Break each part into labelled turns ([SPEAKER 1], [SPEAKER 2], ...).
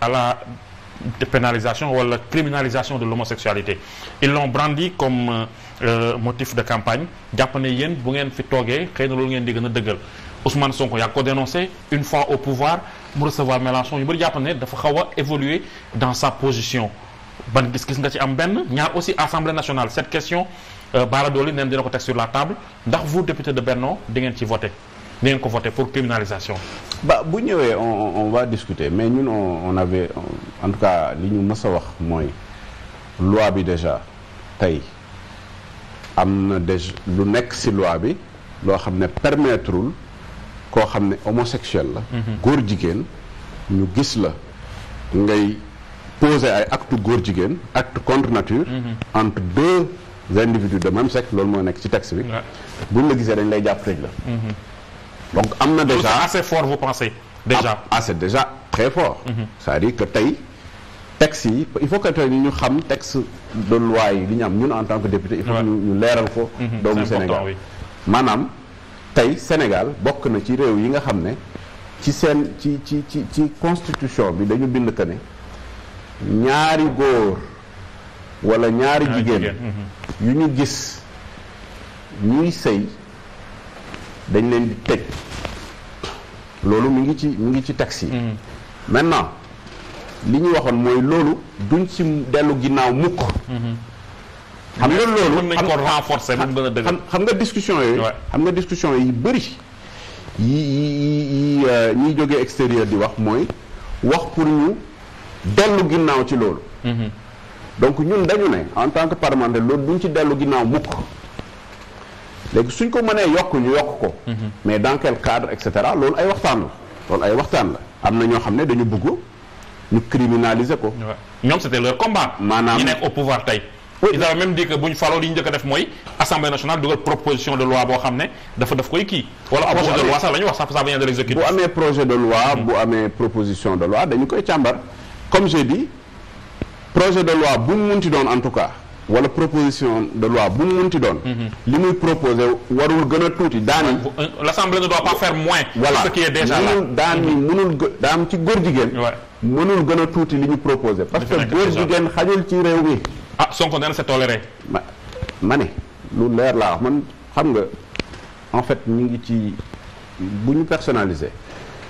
[SPEAKER 1] à la dépénalisation wala criminalisation de l'homosexualité ils l'ont brandi comme euh, euh, motif de campagne jàpp ne yéen bu ngeen fi toogee xëy na loolu ngeen di gën a dëggal Ousmane Sonko yaa ko dénoncé une fois au pouvoir mu recevoir Mélenchon yu bëri jàpp ne dafa xaw a évoluer dans sa position ban gis-gis nga ci am benn ñaar aussi assemblée nationale cette question euh, Bara Dolly neen dina ko teg sur la table ndax vous député de Benno di ngeen ci voté ngeen ko voté pour criminalisation.
[SPEAKER 2] ba bu ñëwee on on va discuter mais ñun on on avait on, en tout cas li ñu mës a wax mooy loi bi déjà tey am na déjà lu nekk ci loi bi loo xam ne permettrewul koo xam ne homosexuel la. Mhm. góor jigéen ñu gis la ngay poser ay acte góor jigéen acte contre nature. Mhm. entre deux individus de même sexe loolu moo nekk ci texte bi. buñ la gisee dañ lay jàpp tëj la. Mhm. donc am na déjà assez
[SPEAKER 1] fort vous pensez
[SPEAKER 2] déjà ah, ah c'est déjà très fort mhm. cest dire que tey texte yi il faut que tey ñu xam texte de loi yi li ñu am ñun en tant que député il faut que ñu leeral ko mhm, doomu Sénégal maanaam tey Sénégal bokk na ci réew yi nga xam ne ci seen ci ci ci ci constitution bi dañu bind que ñaari góor wala ñaari jigéen
[SPEAKER 1] mhm.
[SPEAKER 2] yu ñu gis ñuy sëy dañ leen di tëj loolu mi ngi ci mu ngi ci taxi yi mm. maintenant li ñu waxoon mooy loolu duñ ci dellu ginnaaw mukk
[SPEAKER 1] mm-hmm. xam nga mën nañ
[SPEAKER 2] ko renforcer mu
[SPEAKER 1] gën a dëgg xam nga
[SPEAKER 2] discussion yooyu xam nga discussion yi bëri yi yi yi euh, ñiy jógee extérieur di wax mooy wax pour ñu dellu ginnaaw ci loolu mm-hmm. donc ñun dañu ne en tant que parlementaire loolu duñ ci dellu ginnaaw mukk léegi suñ ko mënee yokk ñu yokk ko. Mhm. mais dans quel cadre et cetera loolu ay waxtaan la loolu ay waxtaan la am na ñoo xam ne dañu bëgg
[SPEAKER 1] ñu criminaliser ko. ñoom c'était leur combat. maanaam ñi nekk au pouvoir tey. ils avaient bu ñu faloo li ñu njëkk def mooy assemblée nationale dugal proposition de loi boo xam ne dafa daf koy kii. wala projet de ñuy wax sax ça vient de l'exécutif. bu
[SPEAKER 2] projet de loi mhm. bu amee proposition de loi dañu koy càmbar comme j'ai dit projet de loi bu mu munti doon en tout cas. wala proposition de loi bu mu munti doon. Mhm. li muy proposé warul gën a tuuti daan yi.
[SPEAKER 1] Euh, l'assemblée ne doit pas faire moins. voilà ce qui est déjà là mhm.
[SPEAKER 2] munul daan ci góor jigéen. mënul gën a tuuti li ñu proposé. parce que góor jigéen xajul ci réew mi. ah Sonko nee na c'est toléré. ma ma ne lu leer laa wax man xam nga en fait ñu ngi ci bu ñu personnalisé.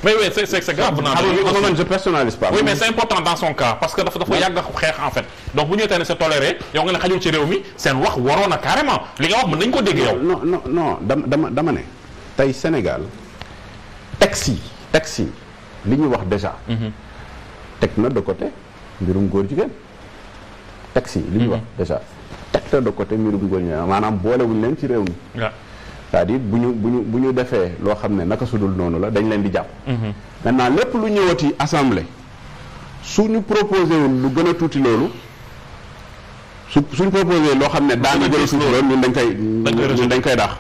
[SPEAKER 1] mais oui c'est c'est grave naa. xam je personnalise pas. oui mais c'est important dans son cas parce que dafa dafa yàgg xeex en fait donc bu ñu tey ne c'est toléré yow nga ne xajul ci réew mi seen wax waroon na carrément li nga wax mën nañu ko dégg yow.
[SPEAKER 2] non non non dama dama ne tey Sénégal taxi taxi li ñu wax déjà. Mhm. teg de côté mbirum góor jigéen taxi. li ñuy mhm. wax déjà teg na de côté mbirum góor jigéen maanaam boolewuñ leen ci réew mi. c'est-à-dire bu ñu bu ñu bu ñu defee loo xam ne naka sudul noonu la dañ leen di jàpp maintenant lépp lu ñëwati assemblée su ñu proposé wul lu gën a tuuti loolu su suñ proposé loo xam ne daana gën a tuuti loolu ñun dañ koy ñun dañ koy daax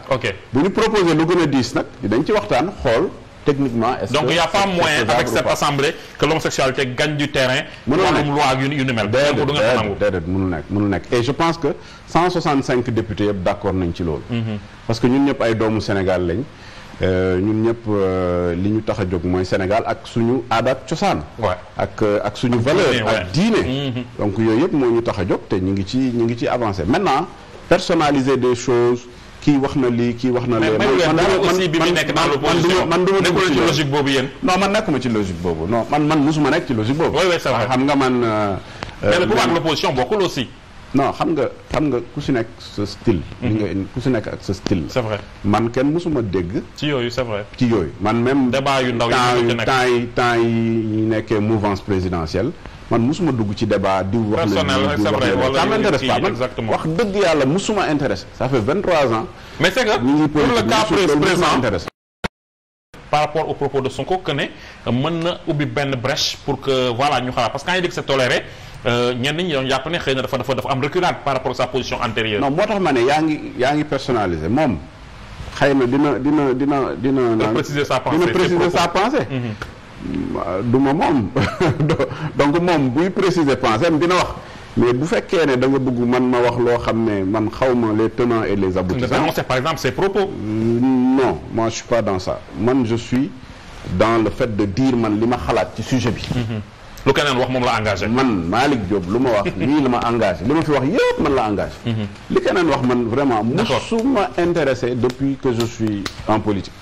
[SPEAKER 2] bu ñu proposé lu gën a diis nag dañ ci waxtaan xool techniquement est-ce que, y a pas moyen avec cette
[SPEAKER 1] assemblée que l'homosexualité gagne du terrain. mënul nekk loi yu ni mel. nekk
[SPEAKER 2] mënul et je pense que 165 députés yëpp d'accord nañ ci loolu. Mhm. parce que ñun ñëpp ay doomu Sénégal lañ. Euh, ñun ñëpp euh, li ñu tax a jóg mooy Sénégal ak suñu aada ak cosaan. ak euh, ak suñu valeur ak
[SPEAKER 1] diine. Mhm.
[SPEAKER 2] donc yooyu yëpp moo ñu tax a jóg te ñu ngi ci ñu ngi ci avancé maintenant personnaliser des choses. kii wax na lii kii wax na lee. man man du ma ci logique boobu yéen. non man nekkuma ci logique boobu non man man mosuma nekk ci logique boobu. xam nga man. Euh, mais le pouvoir euh, l'opposition bokkul aussi. non xam nga xam nga ku si nekk sa style. Mhm. li nga ku si nekk ak sa style. c'est man kenn mosuma dégg.
[SPEAKER 1] ci yooyu c'est vrai.
[SPEAKER 2] ci yooyu man même. débat yu ndaw yi temps yi temps yi nekkee mouvance présidentielle. man musuma dugg ci débat di wax la ça m'intéresse wax dëgg yàlla musuma intéresse ça fait vingt trois ans mais c'est que pour le cas présent
[SPEAKER 1] par rapport au propos de Sonko euh, mën na ubbi benn brèche pour que voilà ñu xalaat parce que quand il dit que c'est euh, ñi doon jàpp ne xëy na dafa dafa dafa am reculade par rapport à sa position antérieure. non moo
[SPEAKER 2] tax ma ne yaa ngi yaa ngi personnalisé moom xëy na dina dina dina dina. dina préciser sa pensée dina sa du ma moom donc moom buy préciser pensée dina wax mais bu fekkee ne da nga bëgg man ma wax loo xam ne man xaw ma les tenants et les aboutissants par exemple ses propos mm, non moi je suis pas dans ça man je suis dans le fait de dire man li ma xalaat ci sujet bi mhm. lu keneen wax moom la engagé man Malick Diop lu ma wax lii la ma engagé li ma fi wax yëpp man la engagé mhm. li keneen wax man vraiment musuma intéressé depuis que je suis en politique